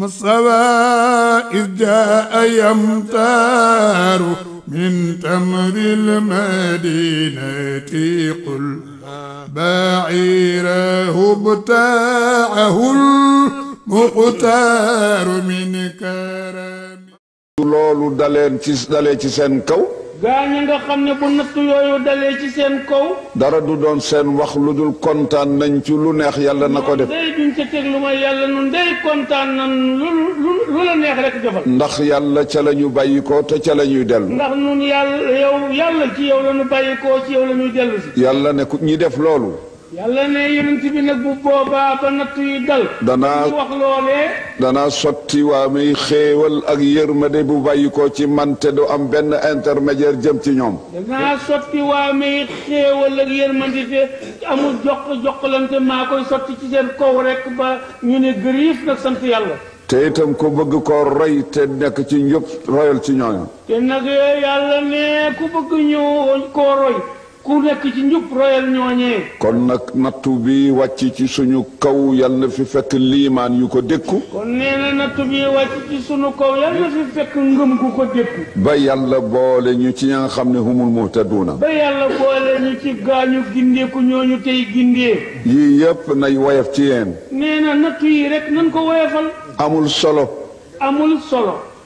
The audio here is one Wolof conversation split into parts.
مصطفى إذ جاء يمطار من تمر المدينة قل بعيره بتاعه المختار من كرم loolu daleen ci dalee ci seen kaw gaa ñi nga xam ne bu natt yooyu dalee ci seen kaw. dara du doon seen wax lu dul kontaan nañ ci lu neex yàlla na ko def. day kontaan ndax yàlla ca la ñu bàyyi ko te ca la ñuy dellu. ndax nun yàlla ci yow la bàyyi ko ci yow la ñuy dellu si. yàlla ne ñi def loolu. yàlla ne yonent bi nag bu boobaa ba natt yi dal. danaa wax loolee. danaa sotti waa muy xéewal ak yërmande bu bàyyi ko ci man te du am benn intermédiaire jëm ci ñoom. danaa sotti waa muy xéewal ak yërmande te amul jox joxlante maa koy sotti ci seen kaw rek ba ñu ne gërëf nag sant yàlla. te tam ko bëgg koo roy te nekk ci ñëpp royal ci ñooñu. te nag yàlla ne ku bëgg ñëw koo roy. ku nekk ci njub royal ñooñee kon nag nattu bi wàcc ci suñu kaw yal na fi fekk liimaan yu ko dékku kon nee nattu bi wàcc ci suñu kaw yal na fi fekk ngëm gu ko dékku ba yàlla boole ñu ci ña nga xam ne humul muhtaduuna ba yàlla boole ñu ci gaañu gindeeku ñooñu tey gindee yii yëpp nay woyaf ci yéen nee nattu yi rek nan ko woyofal amul solo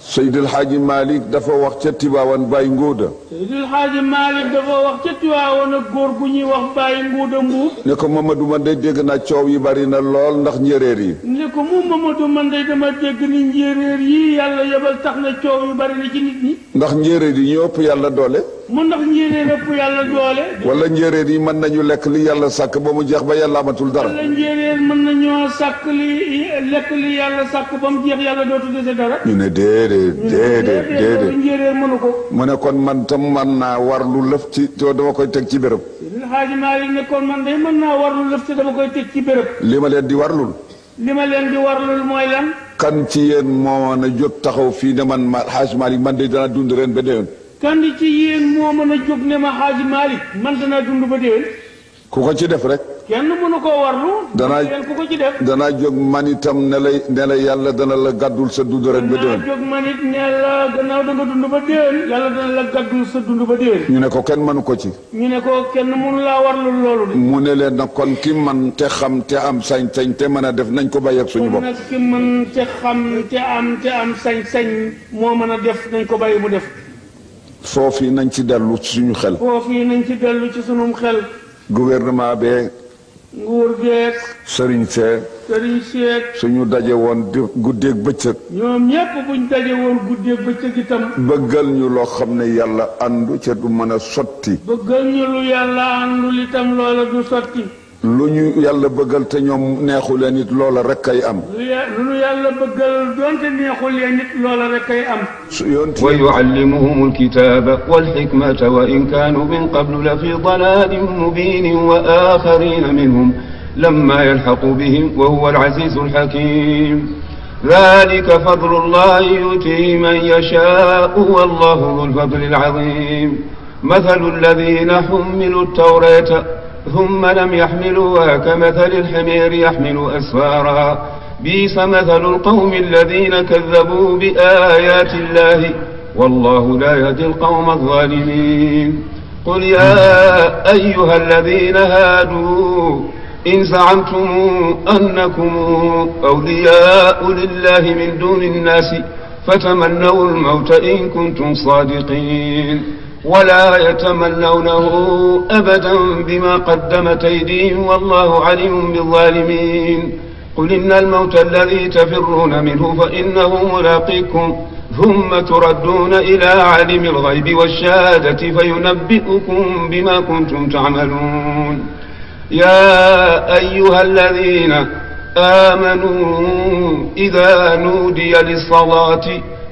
Seydil Hadji Malick dafa wax ca Tiwaawan Baye Ngouda. Seydil Hadji Malick dafa wax ca Tiwaawan ak góor bu ñuy wax Baye Ngouda Mbuub. ne ko Mamadou man de dégg na coow yi bari na lool ndax njéeréer yi. ne ko mu Mamadou man de dama dégg ni njéeréer yi yàlla yebal tax na coow yu bari ci nit ñi. ndax njéréer yi ñoo ëpp yàlla doole. mu ndax njéeréer ëpp doole. wala njéeréer yi mën nañu lekk li yàlla sàkk ba mu jeex ba yàlla amatul dara. wala njéeréer mën nañoo li lekk li yàlla sàkk ba mu jeex yàlla dootu dese dara. ñu ne déedéet déedéet déedéet njéeréer ko. mu ne kon man tam mën lëf ci dama koy teg ci béréb. xaaji maa man day war lu lëf ci dama koy teg ci béréb. li ma leen di warlul. li ma leen di warlul mooy lan. kan ci yéen moo mën a jot taxaw fii ne man ma xaaji maa yi man de dana dund ren ba déwén kan ci yéen moo mën a jóg ne ma xaaji Malick man danaa dund ba déwén. ku ko ci def rek. kenn mënu koo warlu. danaa jóg man itam ne lay yàlla dana la gàddul sa dund rek ba déwén. yàlla dana la gàddul sa dund ba déwén. ñu ne ko kenn mënu ko ci. ñu ne ko kenn mënu laa warlu loolu de. mu ne leen nag kon ki man te xam te am sañ-sañ te mën a def nañ ko bàyyi ak suñu bopp. kon nag ki man te xam te am sañ-sañ moo mën a def nañ ko bàyyi mu def. foofu yi nañ ci dellu ci suñu xel. foofu yi nañ ci dellu ci suñu xel. gouvernement bee. nguur geeg. sëriñ see. sëriñ seeg. suñu daje woon di guddeeg bëccëg. ñoom ñépp buñ daje woon guddeeg bëccëg itam. bëggal ñu loo xam ne yàlla àndu ca du mën a sotti. bëggal ñu lu yàlla àndul itam loola du sotti. lu ñu yàlla bëggal te ñoom neexu leen it loola rek kay am. lu ñu yàlla bëggal doonte neexu leen it loola rek kay am. su yonti wa yuallimuhum alkitaba walxikmata wa in kaanu min qablu la fi dalalin mubinin wa axarina minhum lamma yalxaqu bihim wa huwa alazizu alxakim dalika fadlu llahi yutihi man yashaau wallahu dulfadli alazim mathalu alladina xummilu altawrata ثم لم يحملوها كمثل الحمير يحمل أسفارا بيس مثل القوم الذين كذبوا بآيات الله والله لا يهدي القوم الظالمين قل يا أيها الذين هادوا إن زعمتم أنكم أولياء لله من دون الناس فتمنوا الموت إن كنتم صادقين ولا يتمنونه أبدا بما قدمت أيديهم والله عليم بالظالمين قل إن الموت الذي تفرون منه فإنه ملاقيكم ثم تردون إلى عالم الغيب والشهادة فينبئكم بما كنتم تعملون يا أيها الذين آمنوا إذا نودي للصلاة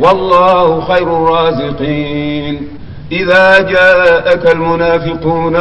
والله خير الرازقين إذا جاءك المنافقون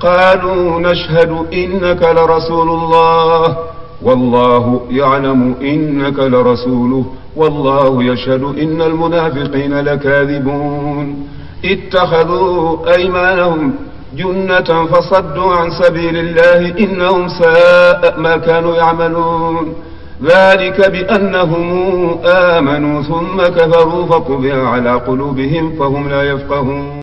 قالوا نشهد إنك لرسول الله والله يعلم إنك لرسوله والله يشهد إن المنافقين لكاذبون اتخذوا أيمانهم جنة فصدوا عن سبيل الله إنهم ساء ما كانوا يعملون ذلك بأنهم آمنوا ثم كفروا فطبع على قلوبهم فهم لا يفقهون